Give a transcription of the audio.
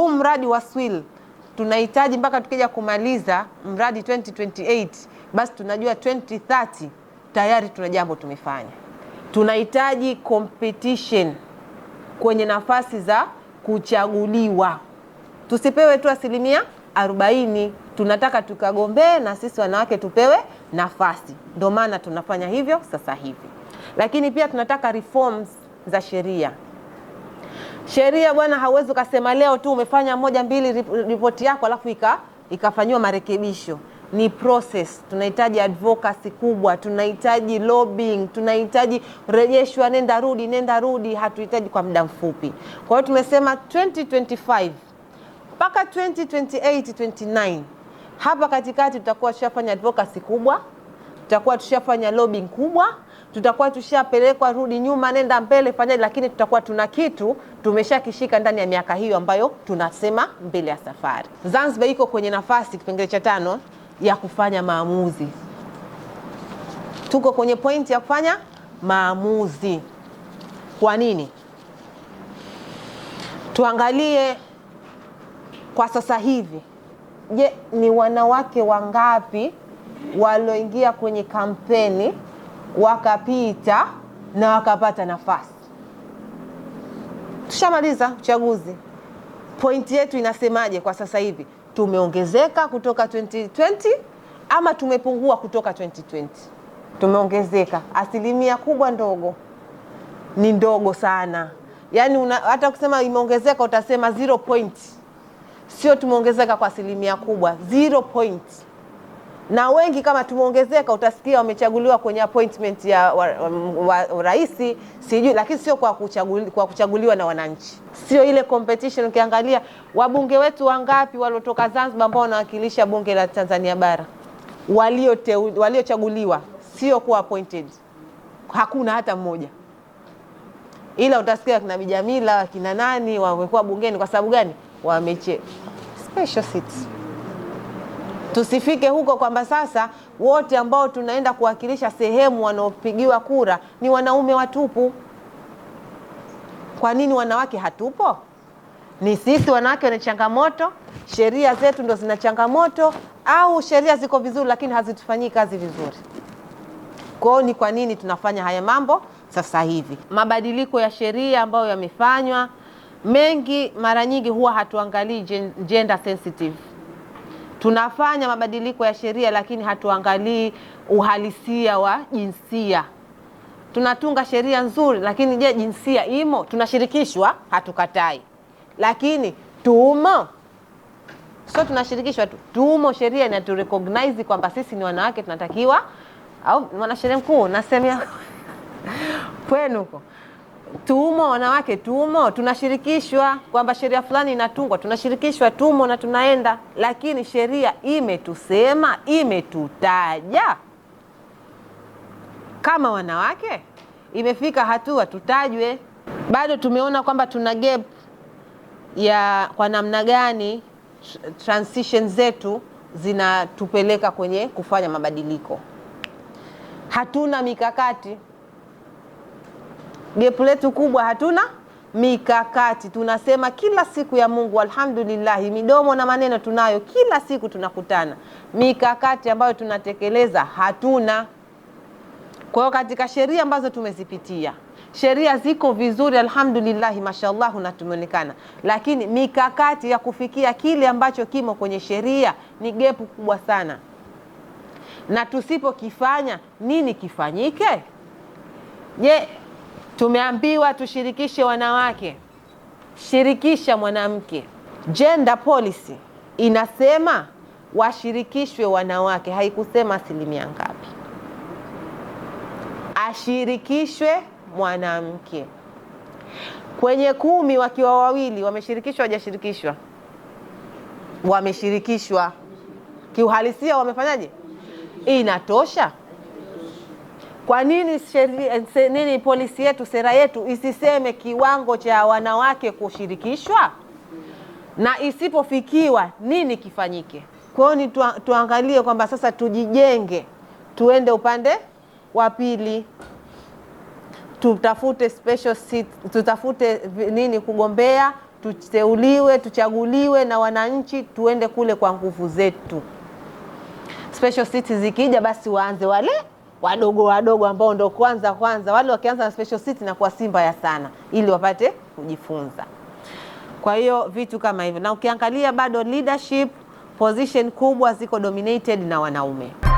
huu mradi wa SWIL tunahitaji mpaka tukija kumaliza mradi 2028 basi tunajua 2030 tayari tuna jambo tumefanya. Tunahitaji competition kwenye nafasi za kuchaguliwa, tusipewe tu asilimia 40. Tunataka tukagombee na sisi wanawake tupewe nafasi, ndio maana tunafanya hivyo sasa hivi. Lakini pia tunataka reforms za sheria. Sheria bwana, hauwezi ukasema leo tu umefanya moja mbili ripoti yako alafu ika ikafanyiwa marekebisho. Ni process, tunahitaji advocacy kubwa, tunahitaji lobbying, tunahitaji rejeshwa, nenda rudi, nenda rudi, hatuhitaji kwa muda mfupi. Kwa hiyo tumesema 2025 mpaka 2028 29, hapa katikati tutakuwa tushafanya advocacy kubwa, tutakuwa tushafanya lobbying kubwa tutakuwa tushapelekwa, rudi nyuma, nenda mbele, fanyaje, lakini tutakuwa tuna kitu tumeshakishika ndani ya miaka hiyo ambayo tunasema mbele ya safari. Zanzibar iko kwenye nafasi, kipengele cha tano, ya kufanya maamuzi. Tuko kwenye pointi ya kufanya maamuzi. Kwa nini? Tuangalie kwa sasa hivi, je, ni wanawake wangapi walioingia kwenye kampeni wakapita na wakapata nafasi. Tushamaliza uchaguzi. Pointi yetu inasemaje kwa sasa hivi? Tumeongezeka kutoka 2020 ama tumepungua kutoka 2020? Tumeongezeka. Asilimia kubwa ndogo ni ndogo sana, yaani una, hata kusema imeongezeka utasema zero point, sio tumeongezeka kwa asilimia kubwa zero point na wengi kama tumeongezeka, utasikia wamechaguliwa kwenye appointment ya wa, wa, wa rais sijui, lakini sio kwa, kuchaguli, kwa kuchaguliwa na wananchi, sio ile competition. Ukiangalia wabunge wetu wangapi waliotoka Zanzibar ambao wanawakilisha bunge la Tanzania bara waliochaguliwa, walio sio kuwa appointed, hakuna hata mmoja, ila utasikia wakina Bijamila wakina nani wamekuwa bungeni kwa sababu gani? Wameche special seats. Tusifike huko kwamba sasa wote ambao tunaenda kuwakilisha sehemu wanaopigiwa kura ni wanaume watupu. Kwa nini wanawake hatupo? Ni sisi wanawake wana changamoto? Sheria zetu ndo zina changamoto, au sheria ziko vizuri lakini hazitufanyii kazi vizuri? Kwao ni kwa nini tunafanya haya mambo sasa hivi? Mabadiliko ya sheria ambayo yamefanywa mengi, mara nyingi huwa hatuangalii gender sensitive tunafanya mabadiliko ya sheria, lakini hatuangalii uhalisia wa jinsia. Tunatunga sheria nzuri, lakini je, jinsia imo? Tunashirikishwa, hatukatai, lakini tumo So tunashirikishwa tu, tumo. Sheria inaturecognize kwamba sisi ni wanawake, tunatakiwa au mwanasheria mkuu, nasemea kwenu huko tuumo, wanawake tuumo, tunashirikishwa kwamba sheria fulani inatungwa, tunashirikishwa, tumo na tunaenda, lakini sheria imetusema, imetutaja kama wanawake. Imefika hatua tutajwe. Bado tumeona kwamba tuna gap ya kwa namna gani transition zetu zinatupeleka kwenye kufanya mabadiliko. Hatuna mikakati gepu letu kubwa hatuna mikakati. Tunasema kila siku ya Mungu, alhamdulillahi, midomo na maneno tunayo, kila siku tunakutana, mikakati ambayo tunatekeleza hatuna. Kwa hiyo katika sheria ambazo tumezipitia, sheria ziko vizuri, alhamdulillahi, mashallahu, na tumeonekana, lakini mikakati ya kufikia kile ambacho kimo kwenye sheria ni gepu kubwa sana, na tusipokifanya nini kifanyike? Je, Tumeambiwa tushirikishe wanawake, shirikisha mwanamke. Gender policy inasema washirikishwe wanawake, haikusema asilimia ngapi. Ashirikishwe mwanamke kwenye kumi, wakiwa wawili wameshirikishwa, wajashirikishwa? Wameshirikishwa kiuhalisia, wamefanyaje? Inatosha. Kwa nini eh, nini, polisi yetu, sera yetu isiseme kiwango cha wanawake kushirikishwa na isipofikiwa nini kifanyike? Kwa hiyo ni tuangalie kwamba sasa tujijenge, tuende upande wa pili, tutafute special seat, tutafute nini kugombea, tuteuliwe, tuchaguliwe na wananchi, tuende kule kwa nguvu zetu. Special seat zikija, basi waanze wale wadogo wadogo ambao ndo kwanza kwanza, wale wakianza na special seat na kuwa simba ya sana, ili wapate kujifunza. Kwa hiyo vitu kama hivyo, na ukiangalia bado leadership position kubwa ziko dominated na wanaume.